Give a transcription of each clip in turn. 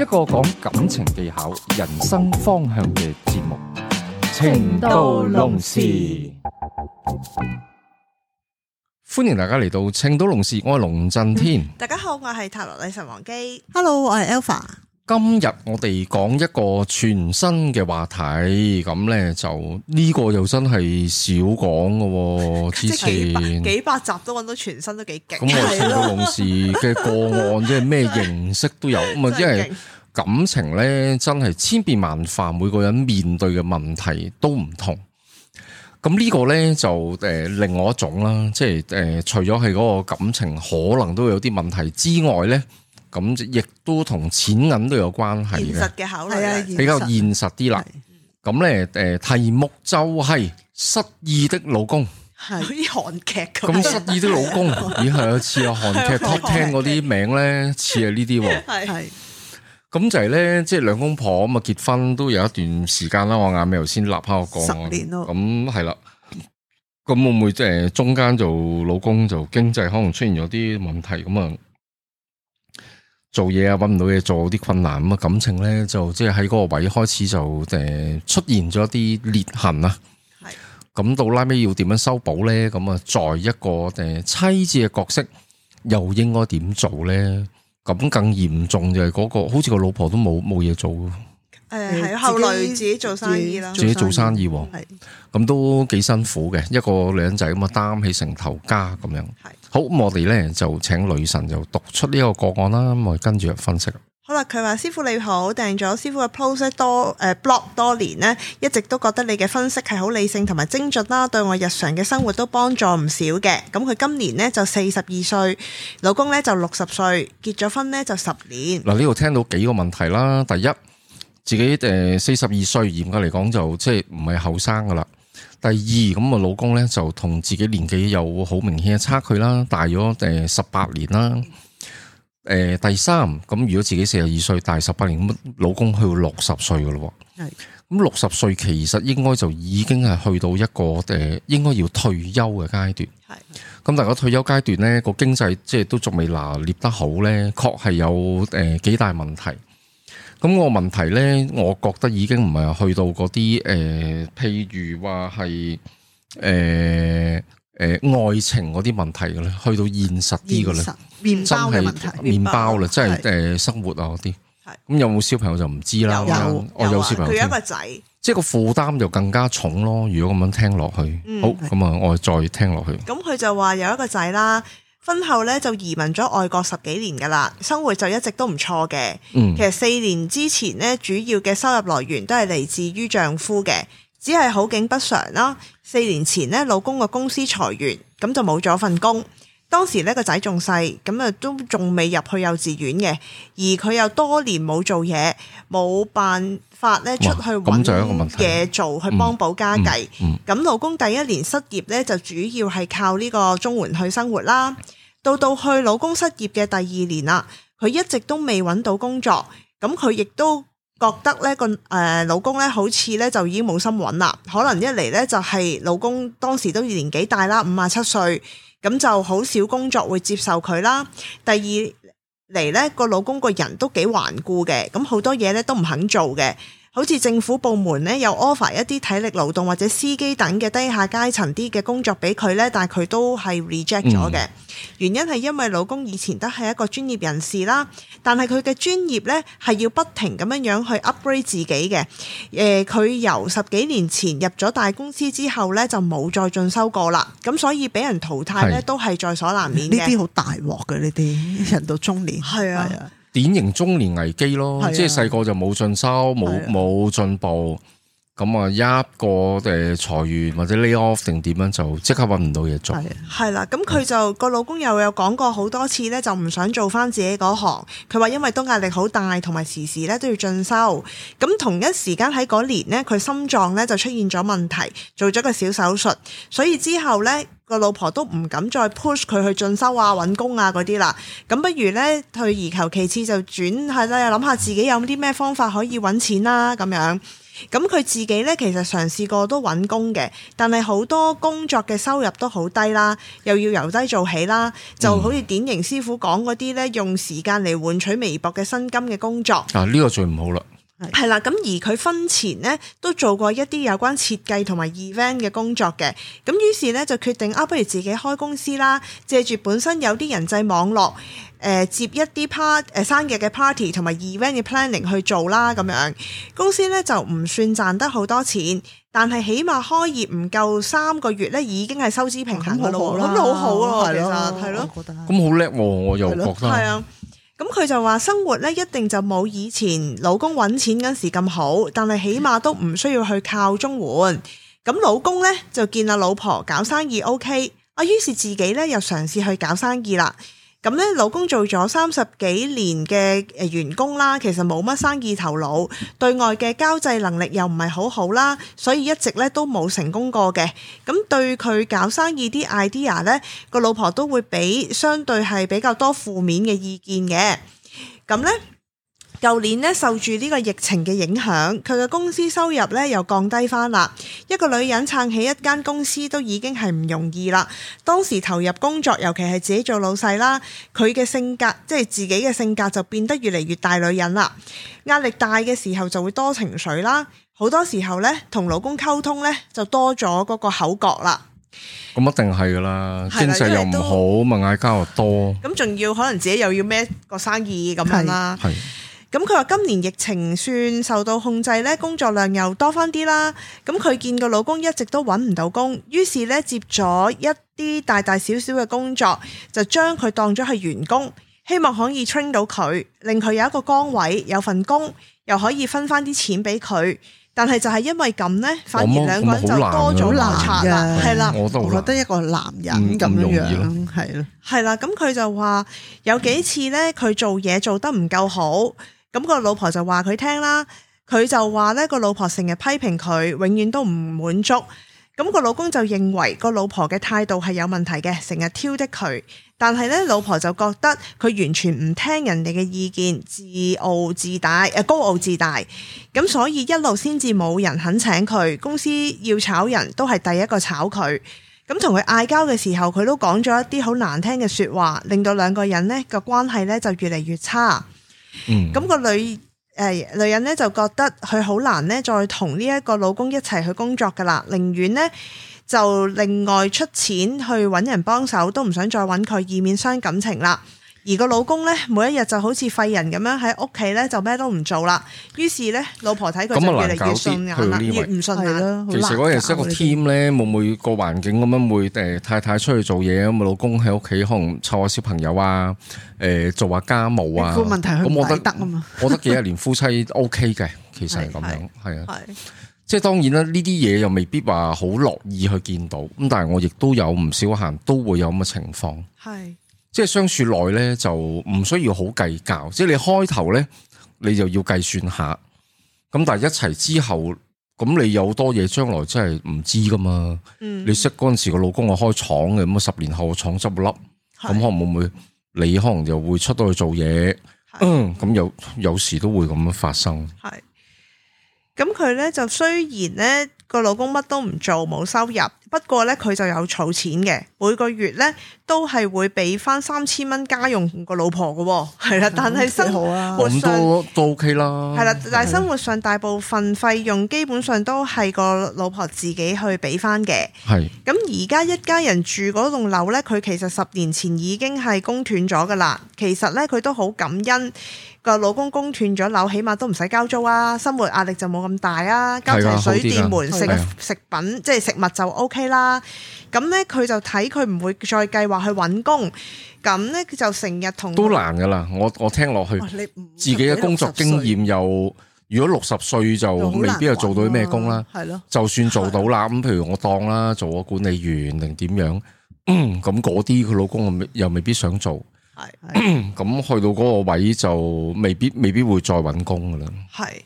一個講感情技巧、人生方向嘅節目，情到濃時《情到濃時》。歡迎大家嚟到《情到濃時》，我係龍震天、嗯。大家好，我係塔羅女神王姬。Hello，我係 Alpha。今日我哋講一個全新嘅話題，咁咧就呢、呢個又真係少講嘅。之前幾百，幾百集都揾到全新都幾勁。咁我哋同事嘅個案即係咩形式都有，咁啊因為感情咧真係千變萬化，每個人面對嘅問題都唔同。咁呢個咧就誒、呃、另外一種啦，即係誒、呃、除咗係嗰個感情可能都有啲問題之外咧。咁亦都同錢銀都有關係嘅，係啊，比較現實啲啦。咁咧的，誒，題目就係失意的老公，係啲韓劇咁。咁失意的老公，咦係啊，似啊韓劇，聽嗰啲名咧，似啊呢啲喎。係。咁就係咧，即係兩公婆咁啊，結婚都有一段時間啦。我眼尾頭先立刻講，十年咯。咁係啦，咁會唔會即係中間就老公就經濟可能出現咗啲問題咁啊？做嘢啊，搵唔到嘢做，啲困難咁啊，感情咧就即係喺嗰個位開始就誒出現咗啲裂痕啦。係咁的到拉尾要點樣修補咧？咁啊，再一個誒妻子嘅角色又應該點做咧？咁更嚴重就係嗰個，好似個老婆都冇冇嘢做。誒，係、呃、是後來自己做生意啦，自己做生意，係咁都幾辛苦嘅。是一個女仔咁啊，擔起成頭家咁樣。係是好，我哋咧就請女神就讀出呢一個個案啦，咁我哋跟住分析。好啦，佢話師傅你好，訂咗師傅嘅 post 多誒、呃、blog 多年呢，一直都覺得你嘅分析係好理性同埋精準啦，對我日常嘅生活都幫助唔少嘅。咁佢今年呢就四十二歲，老公呢就六十歲，結咗婚呢就十年。嗱，呢度聽到幾個問題啦，第一。第一自己誒四十二歲，嚴格嚟講就即係唔係後生噶啦。第二咁啊，老公咧就同自己年紀有好明顯嘅差距啦，大咗誒十八年啦。誒，第三咁，如果自己四十二歲大十八年，咁老公去到六十歲噶咯。係咁六十歲，歲其實應該就已經係去到一個誒，應該要退休嘅階段。係咁的，大係退休階段咧，個經濟即係都仲未拿捏得好咧，確係有誒幾大問題。咁個問題咧，我覺得已經唔係去到嗰啲誒，譬如話係誒誒愛情嗰啲問題嘅咧，去到現實啲嘅咧，真係麵包啦，即係誒生活啊嗰啲。係咁對有冇小朋友就唔知啦。有，有，有小朋友，佢有一個仔，即係個負擔就更加重咯。如果咁樣聽落去，嗯、好咁啊，的我再聽落去。咁佢就話有一個仔啦。婚後咧就移民咗外國十幾年噶啦，生活就一直都唔錯嘅。嗯、其實四年之前咧，主要嘅收入來源都係嚟自於丈夫嘅，只係好景不常啦。四年前咧，老公個公司裁員，咁就冇咗份工。當時咧個仔仲細，咁啊都仲未入去幼稚園嘅，而佢又多年冇做嘢，冇辦法咧出去搵嘢做去幫補家計。咁老公第一年失業咧，就主要係靠呢個綜援去生活啦。到到去老公失業嘅第二年啦，佢一直都未揾到工作，咁佢亦都覺得咧個誒老公咧好似咧就已經冇心揾啦。可能一嚟咧就係老公當時都年紀大啦，五啊七歲，咁就好少工作會接受佢啦。第二嚟咧個老公個人都幾頑固嘅，咁好多嘢咧都唔肯做嘅。好似政府部門咧，有 offer 一啲體力勞動或者司機等嘅低下階層啲嘅工作俾佢咧，但係佢都係 reject 咗嘅。嗯、原因係因為老公以前都係一個專業人士啦，但係佢嘅專業咧係要不停咁樣樣去 upgrade 自己嘅。誒、呃，佢由十幾年前入咗大公司之後咧，就冇再進修過啦。咁所以俾人淘汰咧，都係在所難免。呢啲好大鑊嘅，呢啲人到中年係啊。典型中年危機咯，啊、即係細個就冇進修，冇冇進步，咁啊一個誒裁員或者 lay off 定點樣就即刻搵唔到嘢做。係啦、啊，咁佢就個、嗯、老公又有講過好多次咧，就唔想做翻自己嗰行。佢話因為都壓力好大，同埋時時咧都要進修。咁同一時間喺嗰年呢，佢心臟咧就出現咗問題，做咗個小手術，所以之後呢。個老婆都唔敢再 push 佢去進修啊、搵工啊嗰啲啦，咁不如呢，退而求其次就轉系啦，諗下自己有啲咩方法可以搵錢啦、啊、咁樣。咁佢自己呢，其實嘗試過都搵工嘅，但係好多工作嘅收入都好低啦，又要由低做起啦，就好似典型師傅講嗰啲呢，嗯、用時間嚟換取微薄嘅薪金嘅工作嗱，呢、啊呢個最唔好啦。係啦，咁而佢婚前呢都做過一啲有關設計同埋 event 嘅工作嘅，咁於是呢就決定啊，不如自己開公司啦，借住本身有啲人際網絡，誒、呃、接一啲 part 誒、呃、生日嘅 party 同埋 event 嘅 planning 去做啦，咁樣公司呢就唔算賺得好多錢，但係起碼開業唔夠三個月呢已經係收支平衡好，嗯、好啦，咁都好好啊，其實係咯，咁好叻喎，我又覺得係啊。了咁佢就話生活咧一定就冇以前老公揾錢嗰時咁好，但係起碼都唔需要去靠綜援。咁老公咧就見阿老婆搞生意 OK，阿於是自己咧又嘗試去搞生意啦。咁咧，老公做咗三十幾年嘅誒員工啦，其實冇乜生意頭腦，對外嘅交際能力又唔係好好啦，所以一直咧都冇成功過嘅。咁對佢搞生意啲 idea 咧，個老婆都會俾相對係比較多負面嘅意見嘅。咁咧。舊年咧受住呢個疫情嘅影響，佢嘅公司收入咧又降低翻啦。一個女人撐起一間公司都已經係唔容易啦。當時投入工作，尤其係自己做老細啦，佢嘅性格即係自己嘅性格就變得越嚟越大女人啦。壓力大嘅時候就會多情緒啦。好多時候咧同老公溝通咧就多咗嗰個口角啦。咁一定係噶啦，經濟又唔好，嘛嗌交又多，咁仲要可能自己又要孭個生意咁樣啦。是是咁佢話今年疫情算受到控制咧，工作量又多翻啲啦。咁佢見個老公一直都揾唔到工，於是咧接咗一啲大大小小嘅工作，就將佢當咗係員工，希望可以 train 到佢，令佢有一個崗位，有份工，又可以分翻啲錢俾佢。但係就係因為咁呢，反而兩個人就多咗鬧交啦，係啦。我覺得一個男人咁樣，係咯，係啦。咁佢就話有幾次呢，佢做嘢做得唔夠好。咁個老婆就話佢聽啦，佢就話咧個老婆成日批評佢，永遠都唔滿足。咁個老公就認為個老婆嘅態度係有問題嘅，成日挑剔佢。但係咧，老婆就覺得佢完全唔聽人哋嘅意見，自傲自大，誒高傲自大。咁所以一路先至冇人肯請佢，公司要炒人都係第一個炒佢。咁同佢嗌交嘅時候，佢都講咗一啲好難聽嘅說話，令到兩個人呢個關係咧就越嚟越差。咁、嗯、個女誒、呃、女人咧就覺得佢好難咧，再同呢一個老公一齊去工作噶啦，寧願咧就另外出錢去搵人幫手，都唔想再搵佢，以免傷感情啦。而個老公咧，每一日就好似廢人咁樣喺屋企咧，就咩都唔做啦。於是咧，老婆睇佢就越嚟越順眼啦，越唔順眼咯。其實嗰日一個 team 咧，每每個環境咁樣會誒，太太出去做嘢啊，老公喺屋企可能湊下小朋友啊？誒，做下家務啊？個問題去擺得啊嘛？我覺得幾廿年夫妻 OK 嘅，其實係咁樣，係啊，即係當然啦。呢啲嘢又未必話好樂意去見到咁，但係我亦都有唔少行都會有咁嘅情況，係。即係相處耐咧，就唔需要好計較。即係你開頭咧，你就要計算下。咁但係一齊之後，咁你有好多嘢將來真係唔知噶嘛？嗯，你識嗰陣時個老公我開廠嘅，咁啊十年後個廠執笠，咁是的 可能會唔會？你可能就會出到去做嘢，嗯是的，咁有有時都會咁樣發生。係。咁佢咧就雖然咧個老公乜都唔做冇收入，不過咧佢就有儲錢嘅，每個月咧都係會俾翻三千蚊家用個老婆嘅，係啦。但係生活上都 OK 啦。係啦，但係生活上大部分費用基本上都係個老婆自己去俾翻嘅。係咁而家一家人住嗰棟樓咧，佢其實十年前已經係供斷咗噶啦。其實咧佢都好感恩。個老公供斷咗樓，起碼都唔使交租啊，生活壓力就冇咁大啊，交齊水電門食食品即係食物就 OK 啦。咁咧佢就睇佢唔會再計劃去搵工，咁咧佢就成日同都難噶啦。我我聽落去自己嘅工作經驗又，如果六十歲就未必又做到咩工啦。係咯，就算做到啦，咁譬如我當啦，做個管理員定點樣，咁嗰啲佢老公又未必想做。咁 去到嗰個位就未必未必會再搵工㗎喇。係，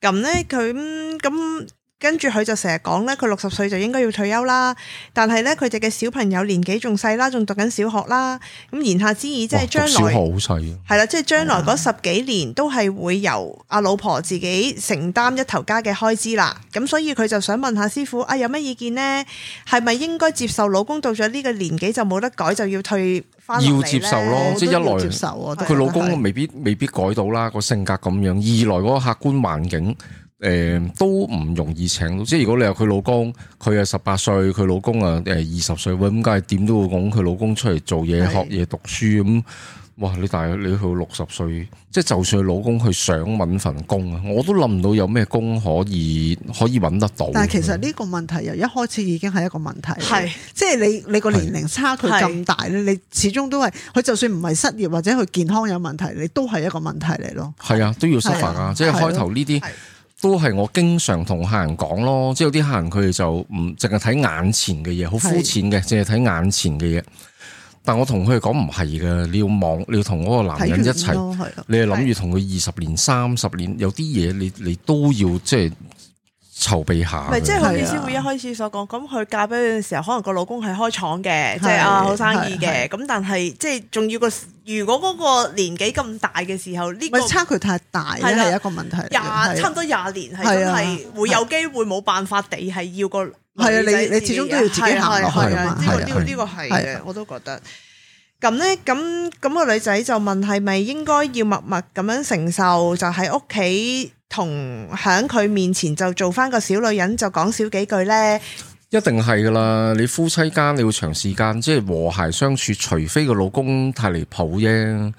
咁呢佢咁。跟住佢就成日講咧，佢六十歲就應該要退休啦。但係咧，佢哋嘅小朋友年紀仲細啦，仲讀緊小學啦。咁言下之意，即係將來係啦，即係、就是、將來嗰十幾年哇都係會由阿老婆自己承擔一頭家嘅開支啦。咁所以佢就想問下師傅啊，有咩意見呢？係咪應該接受老公到咗呢個年紀就冇得改，就要退翻？要接受咯，受咯，即係一來接受，佢老公未必未必改到啦，個性格咁樣。二來嗰個客觀環境。誒都唔容易請到，即係如果你話佢老公，佢係十八歲，佢老公啊誒二十歲，咁梗係點都會講佢老公出嚟做嘢、是學嘢、讀書咁。哇！你大約你去六十歲，即、就、係、是、就算老公佢想揾份工啊，我都諗唔到有咩工可以可以揾得到。但係其實呢個問題由一開始已經係一個問題，係即係你你個年齡差距咁大咧，你始終都係佢就算唔係失業或者佢健康有問題，你都係一個問題嚟咯。係啊，都要 suffer 啊，即係開頭呢啲。是都係我經常同客人講咯，即係有啲客人佢哋就唔淨係睇眼前嘅嘢，好膚淺嘅，淨係睇眼前嘅嘢。但我同佢哋講唔係㗎，你要望，你要同嗰個男人一齊，你係諗住同佢二十年、三十年，的有啲嘢你你都要即係。籌備下，唔即係好似師傅一開始所講咁。佢嫁俾佢嘅時候，可能個老公係開廠嘅，即係啊好生意嘅。咁但係即係仲要個，如果嗰個年紀咁大嘅時候，呢個差距太大咧，係一個問題。廿差唔多廿年係真係會有機會冇辦法地係要個女仔自己。係啊，你你始終都要自己行落去啊，呢個呢個呢個係嘅，我都覺得。咁咧，咁咁個女仔就問：係咪應該要默默咁樣承受？就喺屋企。同喺佢面前就做翻個小女人，就講少幾句呢？一定係噶啦。你夫妻間你要長時間即係和諧相處，除非個老公太離譜啫。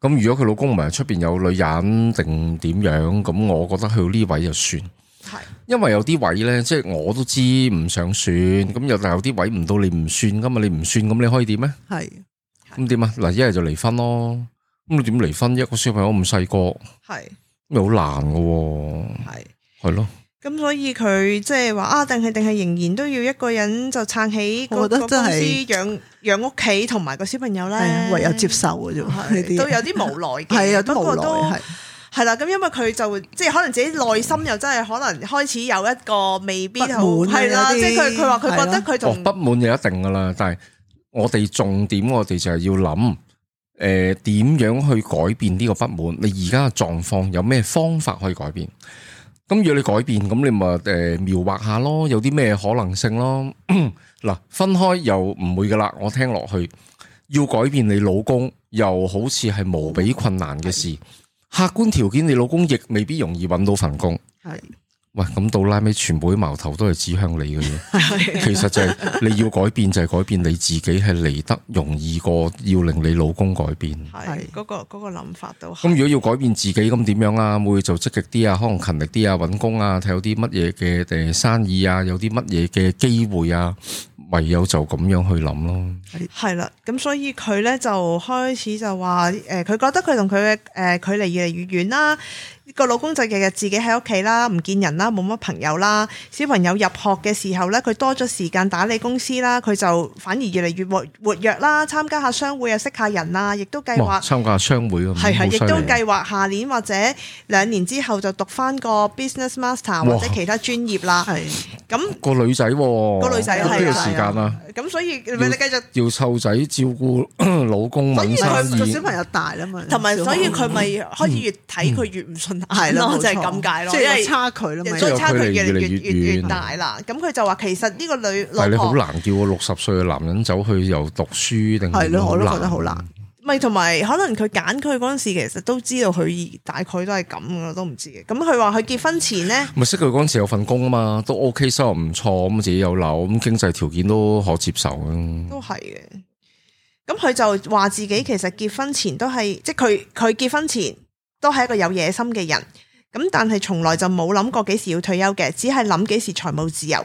咁如果佢老公唔係出邊有女人定點樣咁，我覺得去到呢位就算。係，因為有啲位呢，即係我都知唔想算。咁又但有啲位唔到你唔算噶嘛，你唔算咁你可以點呢？係咁點啊？嗱，一係就離婚咯。咁你點離婚？一個小朋友咁細個，係。好難嘅，係係咯，咁所以佢即係話啊，定係定係仍然都要一個人就撐起個公司養養屋企同埋個小朋友咧，唯有接受嘅啫，呢啲都有啲無奈嘅，係啊，都無奈，係係啦，咁因為佢就即係可能自己內心又真係可能開始有一個未必係啦，即係佢佢話佢覺得佢仲不滿，就一定噶啦，但係我哋重點我哋就係要諗。誒，點樣去改變呢個不滿？你而家嘅狀況有咩方法可以改變？咁如果你改變，咁你咪誒描畫下咯，有啲咩可能性咯？嗱， 分開又唔會噶啦。我聽落去要改變你老公，又好似係無比困難嘅事。客觀條件，你老公亦未必容易揾到份工。係。喂，咁，哎，到拉尾，全部啲矛頭都係指向你嘅嘢。 其實就係，是，你要改變，就係，是，改變你自己，係嚟得容易過要令你老公改變。係嗰，那個嗰，那個諗法都係。咁如果要改變自己，咁點樣啊？會做積極啲啊？可能勤力啲啊？搵工啊？睇有啲乜嘢嘅誒生意啊？有啲乜嘢嘅機會啊？唯有就咁樣去諗咯。係啦，咁所以佢咧就開始就話，誒，佢覺得佢同佢嘅誒距離越嚟越遠啦。個老公就日日自己喺屋企啦，唔見人啦，冇乜朋友啦。小朋友入學嘅時候咧，佢多咗時間打理公司啦，佢就反而越嚟越活活躍啦，參加下商會啊，識下人啊，亦都計劃參加商會啊，係係，亦都計劃下年或者兩年之後就讀翻個 business master 或者其他專業啦。係咁，個女仔個女仔啊，需要時間啊。咁所以你繼續要湊仔照顧老公，所以個小朋友大啦嘛，同埋所以佢咪開始越睇佢越唔順。係咯，就係咁解咯，即係差距咯，咪差，差距越越遠越，越大啦。咁佢的就話，其實呢個女，你好難叫我六十歲嘅男人走去又讀書，定係我都覺得好難。咪同埋可能佢揀佢嗰陣時，其實都知道佢大概都係咁噶，我都唔知嘅。咁佢話佢結婚前咧，咪識佢嗰陣時有份工啊嘛，都 OK，收入唔錯，咁自己有樓，咁經濟條件都可接受啊。都係嘅。咁佢就話自己其實結婚前都係，即係佢佢結婚前。都係一個有野心嘅人，咁但係從來就冇諗過幾時要退休嘅，只係諗幾時財務自由。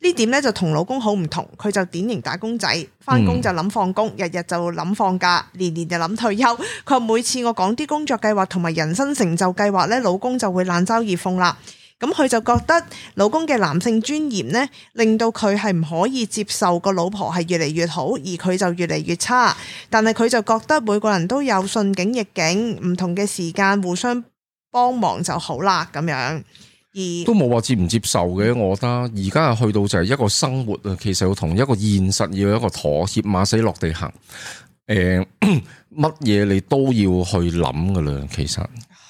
呢點咧就同老公好唔同，佢就典型打工仔，翻工，就諗放工，日日，就諗放假，年年，就諗退休。佢話，每次我講啲工作計劃同埋人生成就計劃咧，老公就會冷嘲熱諷啦。咁佢就覺得老公嘅男性尊嚴呢，令到佢係唔可以接受個老婆係越嚟越好，而佢就越嚟越差。但係佢就覺得每個人都有順境逆境，唔同嘅時間互相幫忙就好啦。咁樣而都冇話接唔接受嘅，我覺得而家去到就係一個生活啊，其實要同一個現實要一個妥協，馬死落地行。呃，乜嘢 你都要去諗噶啦，其實。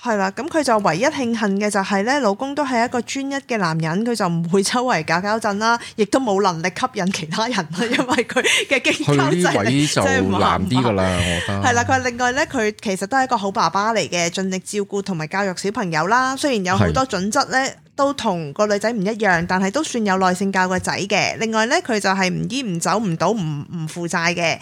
係啦，咁佢就唯一慶幸嘅就係咧，老公都係一個專一嘅男人，佢就唔會周圍搞搞震啦，亦都冇能力吸引其他人啦，因為佢嘅經濟就難啲嘅啦。係啦，佢另外咧，佢其實都係一個好爸爸嚟嘅，盡力照顧同埋教育小朋友啦。雖然有好多準則咧，都同個女仔唔一樣，但係都算有耐性教個仔嘅。另外咧，佢就係唔醫唔走唔到唔唔負債嘅。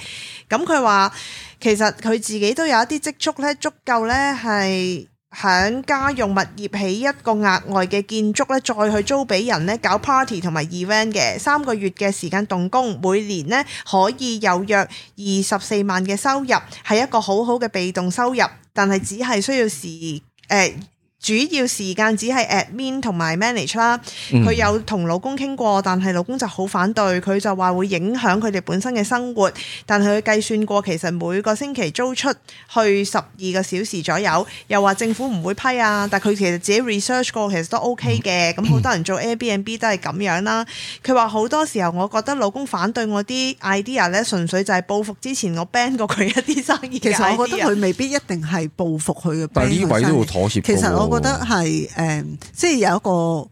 咁佢話其實佢自己都有一啲積蓄咧，足夠咧係。喺家用物業起一個額外嘅建築咧，再去租俾人咧搞 party 同埋 event 嘅，三個月嘅時間動工，每年呢，可以有約二十四萬嘅收入，係一個好好嘅被動收入，但係只係需要時誒。欸主要時間只係 admin 同埋 manage 啦、嗯，佢有同老公傾過，但係老公就好反對，佢就話會影響佢哋本身嘅生活。但係佢計算過，其實每個星期租出去十二個小時左右，又話政府唔會批啊。但佢其實自己 research 過，其實都 OK 嘅。咁好、嗯、多人做 Airbnb 都係咁樣啦。佢話好多時候，我覺得老公反對我啲 idea 咧，純粹就係報復之前我 ban 過佢一啲生意。ide 其實我覺得佢未必一定係報復佢嘅。其實我覺得係誒、嗯，即係有一個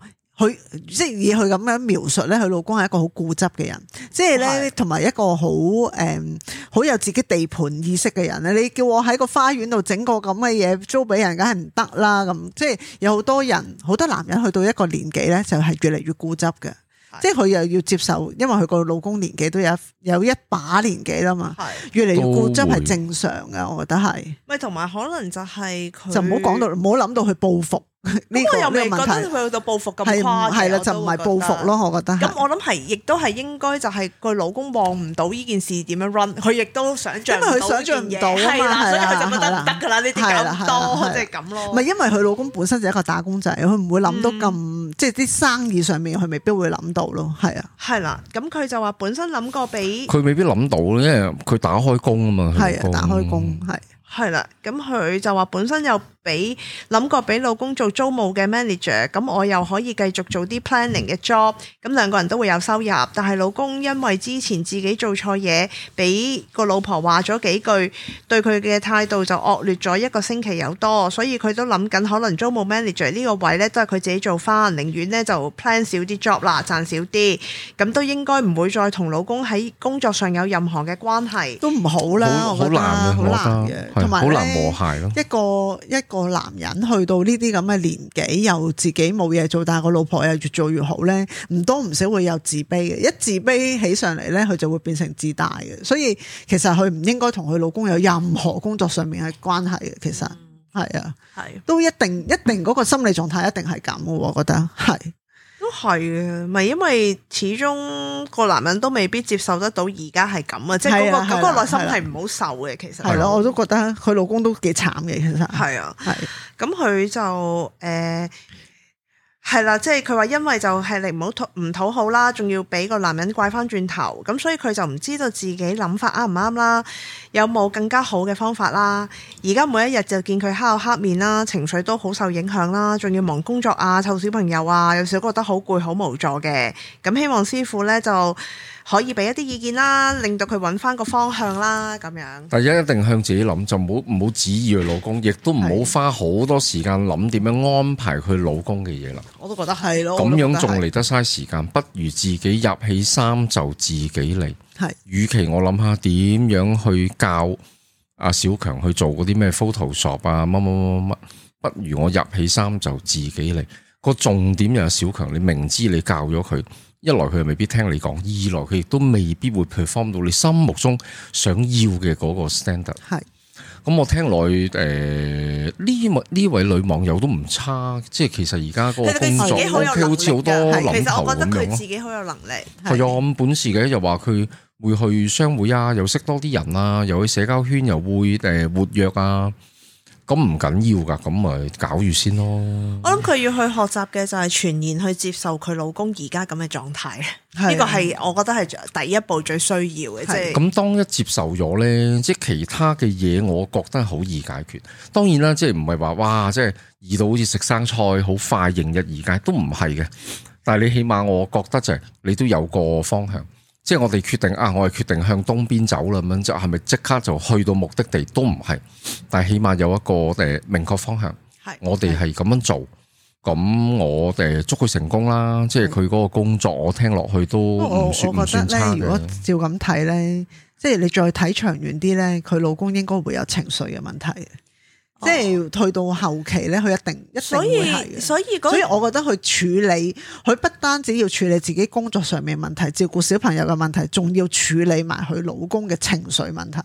佢，即係以佢咁樣描述咧，佢老公係一個好固執嘅人，即係咧同埋一個好誒，好、嗯、有自己地盤意識嘅人咧。你叫我喺個花園度整個咁嘅嘢租俾人，梗係唔得啦。咁即係有好多人，好多男人去到一個年紀咧，就係越嚟越固執嘅。即係佢又要接受，因為佢個老公年紀都有一有一把年紀啦嘛，的越嚟越固執係正常嘅，會我覺得係。唔係，同埋可能就係佢就唔好講到，唔好諗到去報復。呢個又冇覺得佢去到報復咁誇係啦，就唔係報復咯。我覺得咁我諗係，亦都係應該就係佢老公望唔到呢件事點樣 run，佢亦都想象。因為佢想象唔到啊嘛，所以佢就覺得唔得噶啦。呢啲咁多即係咁咯。唔係因為佢老公本身就一個打工仔，佢唔會諗到咁即係啲生意上面，佢未必會諗到咯。係啊，係啦。咁佢就話本身諗過俾佢未必諗到因為，佢打開工啊嘛，打開工係。係啦，咁佢就話本身又俾諗過俾老公做租務嘅 manager，咁我又可以繼續做啲 planning 嘅 job，咁兩個人都會有收入。但係老公因為之前自己做錯嘢，俾個老婆話咗幾句，對佢嘅態度就惡劣咗一個星期有多，所以佢都諗緊可能租務 manager 呢個位呢，都係佢自己做翻，寧願呢就 plan 少啲 job 啦，賺少啲，咁都應該唔會再同老公喺工作上有任何嘅關係，都唔好啦，好，好難，我覺得好難嘅。好難磨合咯！一個一個男人去到呢啲咁嘅年紀，又自己冇嘢做，但係個老婆又越做越好咧，唔多唔少會有自卑嘅。一自卑起上嚟咧，佢就會變成自大嘅。所以其實佢唔應該同佢老公有任何工作上面嘅關係嘅。其實係啊，係都一定一定嗰個心理狀態一定係咁嘅。我覺得係。都係嘅，咪因為始終個男人都未必接受得到而家係咁啊！的即係嗰、嗰個的個內心係唔好受嘅，的其實係咯的，我都覺得佢老公都幾慘嘅，其實係啊，咁佢的的就誒。呃係啦，即係佢話因為就係嚟唔好唔討好啦，仲要俾個男人怪翻轉頭，咁所以佢就唔知道自己諗法啱唔啱啦，有冇更加好嘅方法啦？而家每一日就見佢黑口黑面啦，情緒都好受影響啦，仲要忙工作啊、湊小朋友啊，有時覺得好攰、好無助嘅。咁希望師傅呢就。可以俾一啲意見啦，令到佢揾翻個方向啦，咁樣。係啊，一定向自己諗，就唔好唔好指意佢老公，亦都唔好花好多時間諗點樣安排佢老公嘅嘢啦。我都覺得係咯。咁樣仲嚟得嘥時間，不如自己入起衫就自己嚟。係。與其我諗下點樣去教阿小強去做嗰啲咩 Photoshop 啊，乜乜乜乜乜，不如我入起衫就自己嚟。個重點又係小強，你明知你教咗佢。一來佢又未必聽你講，二來佢亦都未必會 perform 到你心目中想要嘅嗰個 standard。係，咁我聽來誒呢位呢位女網友都唔差，即係其實而家嗰個工作 OK，好似好多諗頭咁樣咯。係有咁本事嘅，又話佢會去商會啊，又識多啲人啊，又去社交圈又會誒活躍啊。咁唔緊要噶，咁咪搞住先咯。我諗佢要去學習嘅就係全然去接受佢老公而家咁嘅狀態，呢個係我覺得係第一步最需要嘅。即係咁當一接受咗呢，即係其他嘅嘢，我覺得好易解決。當然啦，即係唔係話哇，即係易到好似食生菜好快迎刃而解，都唔係嘅。但係你起碼我覺得就係你都有個方向。即係我哋決定啊！我哋決定向東邊走啦咁樣，即係咪即刻就去到目的地都唔係，但係起碼有一個誒、呃、明確方向。係是我哋係咁樣做，咁我哋祝佢成功啦。是即係佢嗰個工作我我，我聽落去都唔算唔算差嘅。如果照咁睇咧，即係你再睇長遠啲咧，佢老公應該會有情緒嘅問題。即係退到後期咧，佢一定所以一定會係所以所以，所以我覺得佢處理佢不單止要處理自己工作上面問題、照顧小朋友嘅問題，仲要處理埋佢老公嘅情緒問題。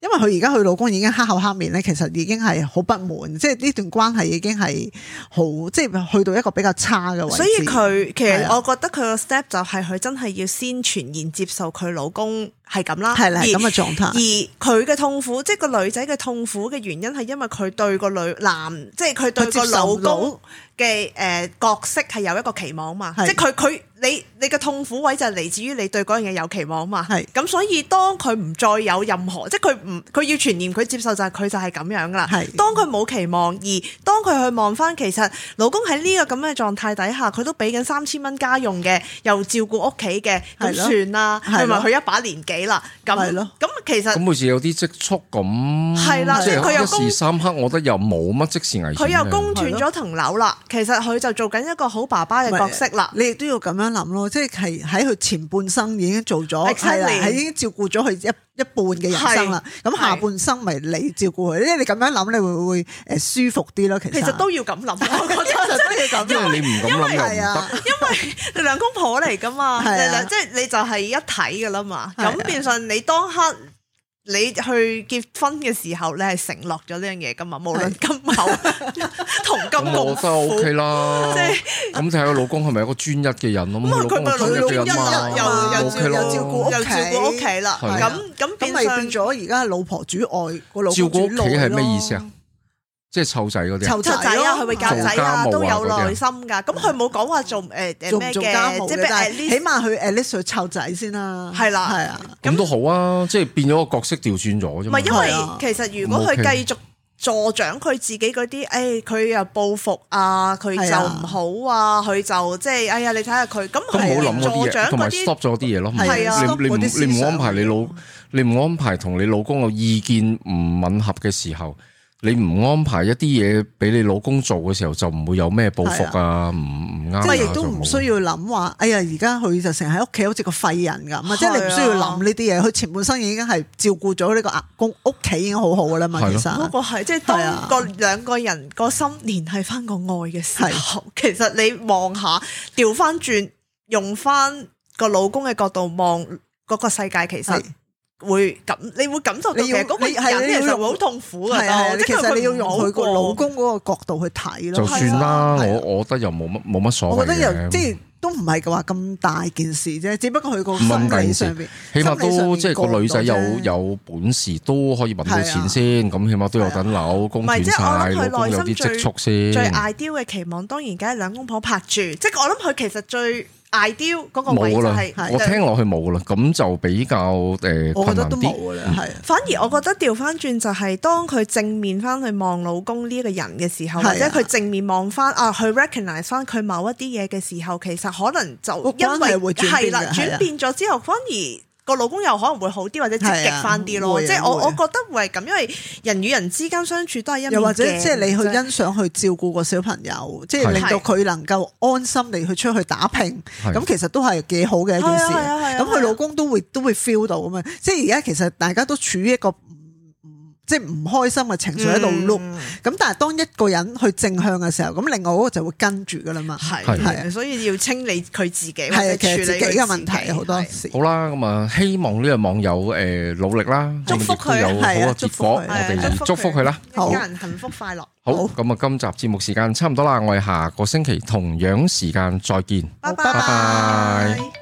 因為佢而家佢老公已經黑口黑面咧，其實已經係好不滿，即係呢段關係已經係好，即係去到一個比較差嘅位。所以佢其實的我覺得佢個 step 就係佢真係要先全然接受佢老公。係咁啦，係啦，咁嘅狀態，而佢嘅痛苦，即係個女仔嘅痛苦嘅原因，係因為佢對個女男，即係佢對個接老公嘅誒、呃、角色係有一個期望嘛，是的 即係佢佢你你嘅痛苦位就嚟自於你對嗰樣嘢有期望嘛，係咁是的 所以當佢唔再有任何，即係佢唔佢要全然佢接受就係、是、佢就係咁樣啦，係是的 當佢冇期望，而當佢去望翻，其實老公喺呢個咁嘅狀態底下，佢都俾緊三千蚊家用嘅，又照顧屋企嘅，就算啦，同埋佢一把年紀。啦，咁係咯，咁的其實咁好似有啲積蓄咁，的即係佢又一時三刻，有我覺得又冇乜即時危險。佢又供斷咗層樓啦，的其實佢就做緊一個好爸爸嘅角色啦，的你亦都要咁樣諗咯，即係喺佢前半生已經做咗，係啦，係已經照顧咗佢一。一半嘅人生啦，咁下半生咪你照顧佢，即係你咁樣諗，你會會誒舒服啲咯。其實其實都要咁諗，我覺得真係要咁諗，因為因為係啊，因為你兩公婆嚟噶嘛，係啦，即係你就係一體噶啦嘛，咁變相你當刻。你去結婚嘅時候，你係承諾咗呢樣嘢噶嘛？無論甘苦是的 同甘共苦，OK 啦。即係咁睇下老公係咪一個專一嘅人啊？咁啊佢咪老老又又照顧裡又照顧屋企啦，咁咁咁咪變咗而家老婆主外個老公主內咯。照顧屋企係咩意思啊？即係湊仔嗰啲，湊仔啊，佢會教仔啊，都有耐心噶。咁佢冇講話做誒咩嘅，即係起碼佢誒至少湊仔先啦。係啦，咁都好啊，即係變咗個角色調轉咗。唔係因為其實如果佢繼續助長佢自己嗰啲，誒，佢又報復啊，佢就唔好啊，佢就即係，哎呀，你睇下佢咁。佢冇諗嗰啲嘢，同埋 stop 咗啲嘢咯。係啊，你你唔安排你老，你唔安排同你老公嘅意見唔吻合嘅時候。你唔安排一啲嘢俾你老公做嘅時候，就唔會有咩報復啊？唔唔啱即係亦都唔需要諗話，哎呀，而家佢，啊，就成日喺屋企好似個廢人咁，即係你唔需要諗呢啲嘢。佢前半生已經係照顧咗呢個阿公屋企，已經好好噶啦嘛。啊，其實嗰，啊，個係即係當個兩個人個心連繫翻個愛嘅時候，啊，其實你望下調翻轉，用翻個老公嘅角度望嗰個世界，其實，啊。會感你會感受到嘅，其實嗰個係有啲人又會好痛苦嘅，即係其實你要用佢個老公嗰個角度去睇咯。就算啦的，我我覺得又冇乜冇乜所謂我覺得又即係都唔係嘅話咁大件事啫，只不過佢個心理上邊，起碼都，起碼都即係個女仔有有本事都可以揾到錢先，咁的起碼都有等即我心老公轉曬，有啲積蓄先最。最 ideal 嘅期望當然梗係兩公婆拍住，即係我諗佢其實最。捱掉嗰個位就係，我聽落去冇啦，咁就比較誒、呃、我覺得都冇噶啦，係點。嗯、反而我覺得調翻轉就係、是、當佢正面翻去望老公呢個人嘅時候，啊、或者佢正面望翻啊去 recognize 翻佢某一啲嘢嘅時候，其實可能就因為係、哦、啦，轉變咗之後，啊、反而。個老公又可能會好啲，或者積極翻啲咯。即係我，我覺得會係咁，因為人與人之間相處都係一面鏡。又或者，即係你去欣賞去照顧個小朋友，的即係令到佢能夠安心地去出去打拼。咁的其實都係幾好嘅一件事。咁佢老公都會都會 feel 到咁樣。即係而家其實大家都處於一個。即係唔開心嘅情緒喺度碌，咁但係當一個人去正向嘅時候，咁另外嗰個就會跟住噶啦嘛。係係，所以要清理佢自己，係啊，其實自己嘅問題好多時。好啦，咁啊，希望呢個網友誒努力啦，祝福佢有好嘅結果。我哋祝福佢啦，一家人幸福快樂。好，咁啊，今集節目時間差唔多啦，我哋下個星期同樣時間再見。拜拜拜。